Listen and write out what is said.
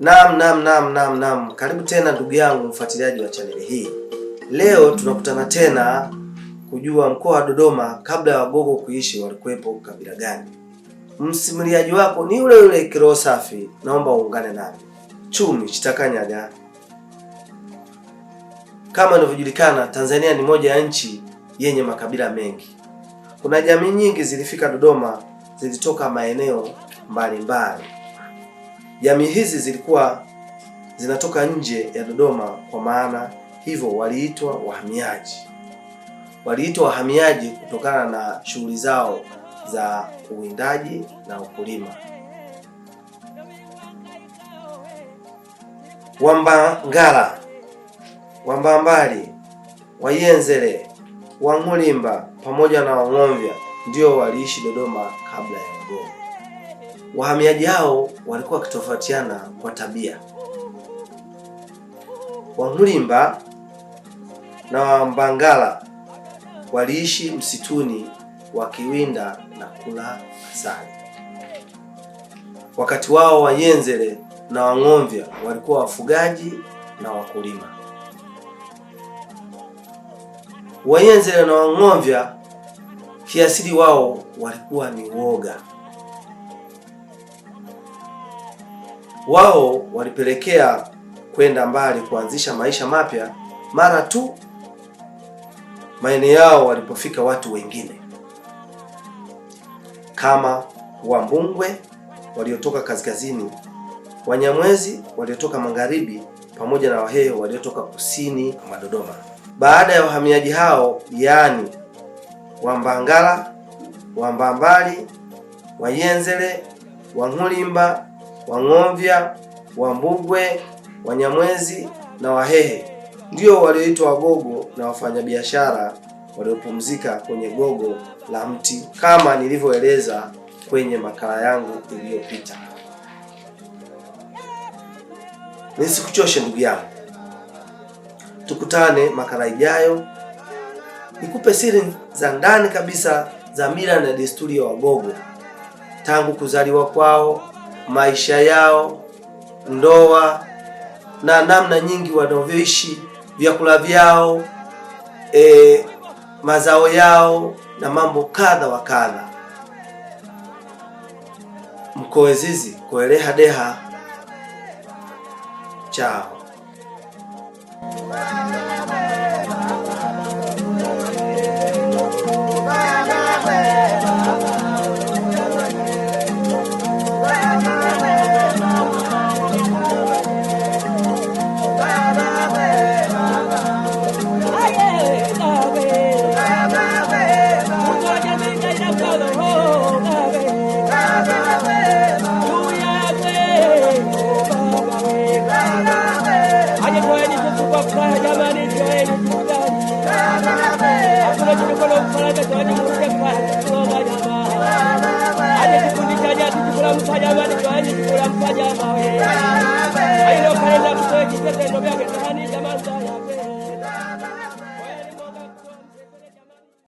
Naam, naam, naam, naam, naam. Karibu tena ndugu yangu mfuatiliaji wa chaneli hii. Leo tunakutana tena kujua mkoa wa Dodoma kabla ya Wagogo kuishi walikuwepo kabila gani. Msimuliaji wako ni yule yule Kiroho Safi, naomba uungane nami. Chumi Chitakanyaga. Kama inavyojulikana, Tanzania ni moja ya nchi yenye makabila mengi. Kuna jamii nyingi zilifika Dodoma, zilitoka maeneo mbalimbali Jamii hizi zilikuwa zinatoka nje ya Dodoma, kwa maana hivyo waliitwa wahamiaji. Waliitwa wahamiaji kutokana na shughuli zao za uwindaji na ukulima. Wambangala, Wambambali, Wayenzele, Wang'ulimba pamoja na Wang'omvya ndio waliishi Dodoma kabla ya Wagoma. Wahamiaji hao walikuwa wakitofautiana kwa tabia. Wamlimba na Wambangala waliishi msituni wakiwinda na kula asali. Wakati wao wayenzele na Wang'omvya walikuwa wafugaji na wakulima. Wanyenzele na Wang'omvya kiasili wao walikuwa ni woga. wao walipelekea kwenda mbali kuanzisha maisha mapya mara tu maeneo yao walipofika watu wengine kama Wambungwe waliotoka kaskazini, Wanyamwezi waliotoka magharibi, pamoja na Wahehe waliotoka kusini mwa Dodoma. Baada ya wahamiaji hao, yaani Wambangala, Wambambali, Wayenzele, Wang'ulimba Wang'ovya, Wambugwe, Wanyamwezi na Wahehe ndio walioitwa Wagogo na wafanyabiashara waliopumzika kwenye gogo la mti kama nilivyoeleza kwenye makala yangu iliyopita. Nisikuchoshe ndugu yangu, tukutane makala ijayo, nikupe siri za ndani kabisa za mila na desturi ya Wagogo tangu kuzaliwa kwao maisha yao, ndoa na namna nyingi wanavyoishi, vyakula vyao, e, mazao yao na mambo kadha wa kadha. mkoe zizi kueleha deha chao ayilokhalela kuseitetendo byakea